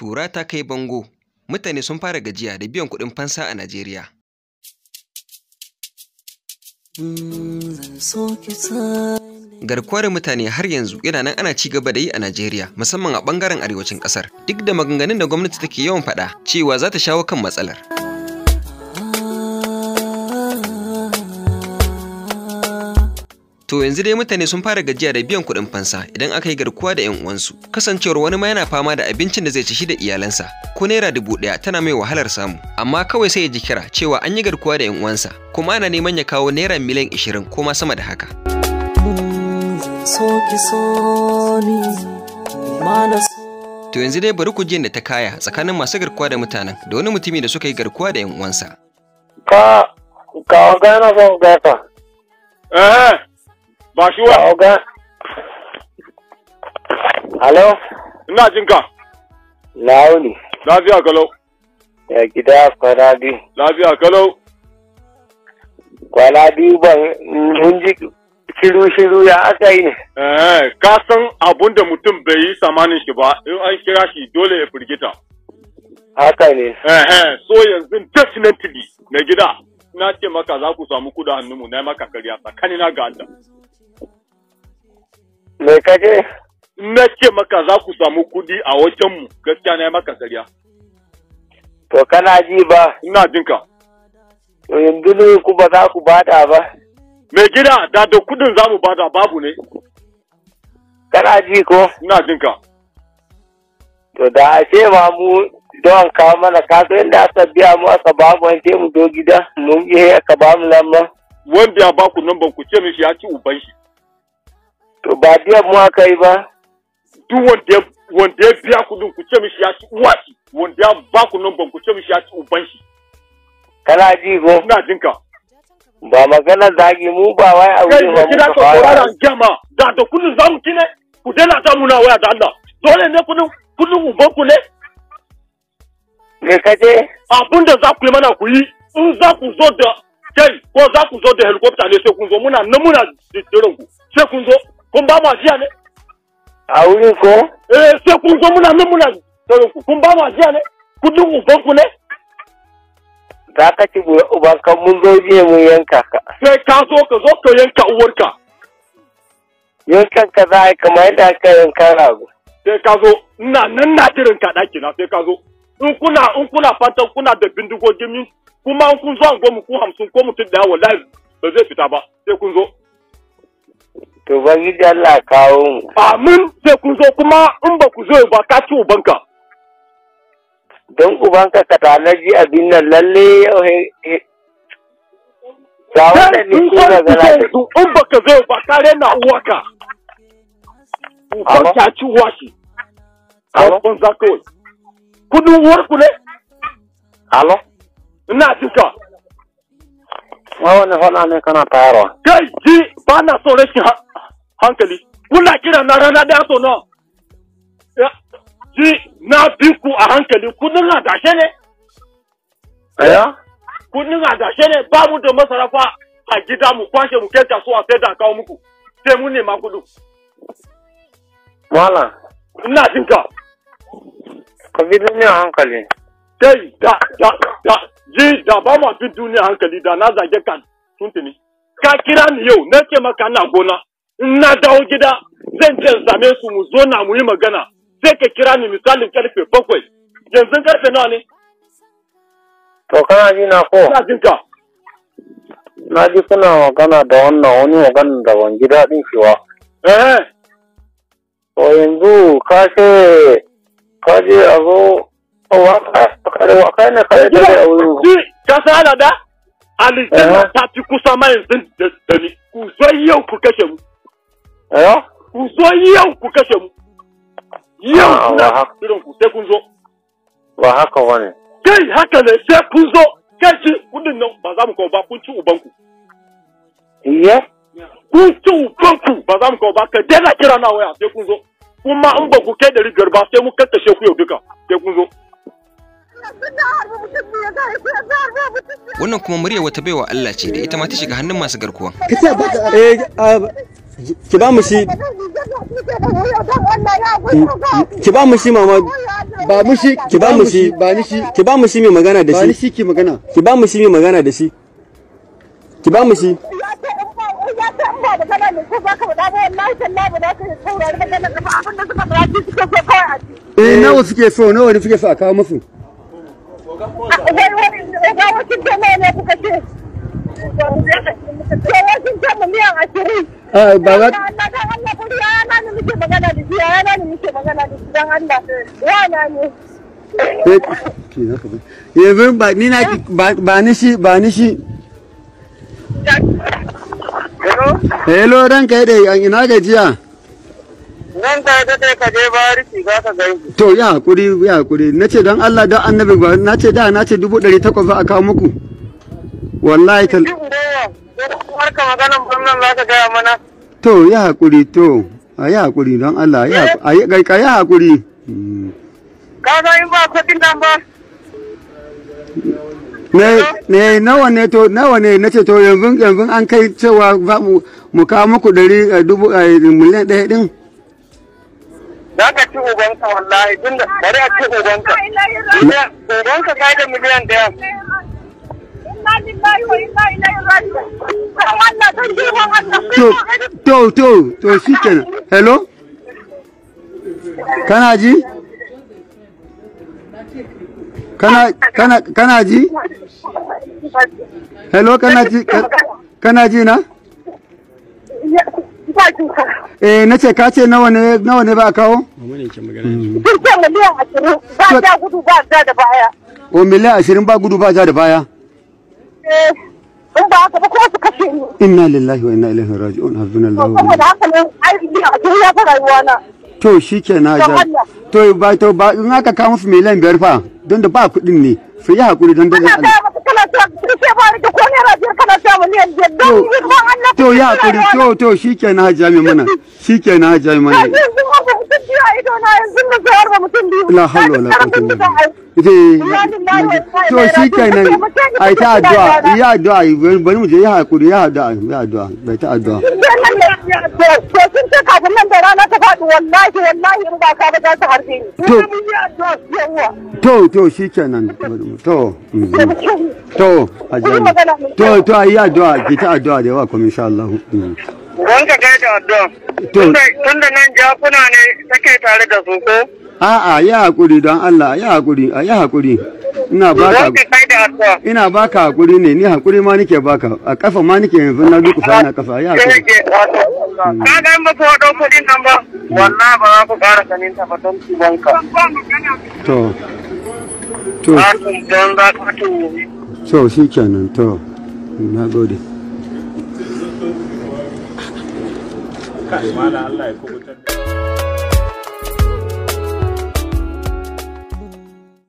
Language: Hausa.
tura ta kai bango mutane sun fara gajiya da biyan kuɗin fansa a najeriya garkuwar mutane har yanzu yana nan ana ci gaba da yi a najeriya musamman a ɓangaren arewacin ƙasar duk da maganganun da gwamnati take yawan faɗa cewa za ta shawo kan matsalar To yanzu dai mutane sun fara gajiya da biyan kuɗin fansa idan aka yi garkuwa da 'yan uwansu. Kasancewar wani ma yana fama da abincin da zai ci shi da iyalansa, ko naira dubu ɗaya tana mai wahalar samu. Amma kawai sai ya ji kira cewa an yi garkuwa da 'yan uwansa, kuma ana neman ya kawo naira miliyan ishirin ko ma sama da haka. To yanzu dai bari ku jiyan da ta kaya tsakanin masu garkuwa da mutanen da wani mutumi da suka yi garkuwa da 'yan uwansa. Ka, ka wanga yana son gata. Ba shi wa. Oga. Halo. Ina jin ka. Launi. Lafiya kalau. Ya gida kwana biyu. Lafiya kalau. Kwana biyu ban mun ji shiru shiru ya aka yi ne. Eh, ka san abun da mutum bai yi samanin shi ba, in an kira shi dole ya firgita. Haka ne. Eh, eh, so yanzu definitely na gida. Na ce maka za ku samu kuda hannunmu na maka karya tsakanina ga Allah. Me kake? Na ce maka za ku samu kuɗi a wajenmu gaskiya na yi maka sariya. To kana ji ba? Ina ka. To yanzu ne ku ba za ku bada ba. Mai gida da da kuɗin za mu bada babu ne. Kana ji ko? Ina jin ka. To da a ce ma mu don kawo mana kaso inda aka biya mu aka ba mu wance mu do gida mun yi aka ba mu lamba. Wanda ya ba ku nan ku ce mishi ya ci uban shi. to ba biyan mu aka yi ba duk wanda wanda ya biya kudin ku ce mishi ya ci uwa shi wanda ya ba si. numban ku ce mishi ya ci uban shi kana ji ko ina jin ka ba magana zagi mu ba wai a wurin ba mu ka fara gama da da kullun zamu kine ku dena ta muna waya da Allah dole ne kullun kullun uban ku ne me kace abun da za ku yi mana ku yi in za ku zo da kai ko za ku zo da helicopter ne sai kun zo muna nan muna da ku sai kun zo kumba mwaziane awuliko eh se kunzo muna muna eh, kumba mwaziane kudungu bonkune za ka ba ka mun zo je mu yanka ka sai ka zo ka zo ka yanka uwarka yanka ka za a kamar yadda yanka rago sai ka zo ina nan na jirin ka ɗaki na sai ka zo in kuna in kuna fatan kuna da bindigogin kuma in kun zo an goma ku hamsin ko mutum ɗaya wallahi ba zai fita ba sai kun zo To Ubangiji Allah kawo mu. Amin sai zo kuma in ba ku zo ba ka ci ubanka. Don ubanka ka tanaji abin nan lalle yau Ga wannan ne ko da zara. In ba ka zo ba ka rena uwaka. Uban ta ci alo. Kawon za kawai. Kudin uwar ku ne? Alo? Ina cika. Wani hana ne kana tayarwa. Kai ji ba na son rashin hankali kuna kira na rana da so nawa ji na bi ku a hankali kudin adashe ne aya kudin adashe ne ba mu da masarafa a gida mu kwashe mu kai kasuwa sai da kawo muku sai mun nema kudu Wala. Ina jin ka. Ka bi duniya hankali. Kai da da da ji da ba mu bi duniya hankali da na zage kan tuntuni. ka kira ni yau na ce maka ina gona na dawo gida zan je same su mu zo na mu yi magana sai ka kira ni misalin karfe bakwai yanzu karfe nawa ne to kana ji na ko ina jin ka na ji kuna magana da wannan wani magana da ban ji daɗin shi ba eh to yanzu ka ce ka je a zo wa ne kare da ya wurin ka sa da Aljanna eh? ta fi kusa ma yanzu da ni. Ku zo yau ku kashe mu. Eh? Ku zo yau ku kashe mu. Yau ah, irin ku sai kun zo. Ba haka wani. Kai haka ne sai kun zo. Kai ci kudin nan ba za mu kawo ba kun ci ubanku. Iya? Kun ci ubanku ba za mu kawo ba ka kira na waya sai kun zo. Kuma in ba ku kai da rigar ba sai mu kakkashe ku yau duka sai kun zo. wannan kuma murya wata baiwa Allah ce da ita ma ta shiga hannun masu garkuwan eh, ki ba mu shi ki ba mu shi mama ba mu shi ki ba mu shi ba ni shi ki ba mu shi mai magana da shi ba ni shi ki magana ki ba mu shi mai magana da shi ki ba mu shi Eh nawa suke so nawa ne suke so a kawo musu ne ai ba za ta dan da shi yanzu ba ni na ba ni shi ba ni shi Hello ranka yadda ina gajiya? nan da kai ka je za ka gani to ya hakuri ya hakuri nace dan Allah dan annabi ba nace da nace dubu ɗari takwas za a kawo muku wallahi tal maganan gwamnan za ka gaya mana to ya hakuri to a yi hakuri don Allah ya ka ya hakuri hmm. ka ga in ba kuɗin nan ba ne ne nawa ne to nawa ne nace to yanzu yanzu an kai cewa za mu mu kawo muku ɗari eh, dubu eh, miliyan ɗaya ɗin za ka ci ubanka wallahi tun da bari a ci ubanka ubanka ka da miliyan ɗaya to to to shi kenan hello kana ji kana kana kana ji hello kana ji kana ji na eh na ce ka ce nawa ne nawa ne ba kawo mm. miliyan gudu ba za da baya o miliyan ashirin ba gudu ba da baya eh, ba inna lillahi wa inna ilaihi raji'un hasbunallahu wa na to ja to ba to ba in aka kawo miliyan biyar don da ba kudin ne su yi hakuri don da Allah to ya kuri to to shikenan hajiya mai mana shikenan hajiya mai mana la hawla wala quwwata illa billah to shi kenan a ta addu'a ya addu'a bari mu je ya hakuri ya addu'a ya addu'a bai ta addu'a to sun ce kafin nan da rana ta faɗi wallahi wallahi in ba ka ba za su harbe ni to to to shi kenan um, to to mm, mm. ajiyar to to yi addu'a ki ta addu'a da yawa kuma insha Allah Wanka gaida addu'a. Tunda nan jakuna ne take tare da su ko? a'a ya hakuri don Allah ya hakuri a ya hakuri ina baka ina baka hakuri ne ni hakuri ma nike baka a kafa ma nike yanzu na duk fa na kafa ya hakuri mm. ka ga ba ku wado kudin nan ba wallahi ba za ku ƙara sanin ta ba don ki banka to to don za ku to shi kenan to na gode kai mala Allah ya kubutar da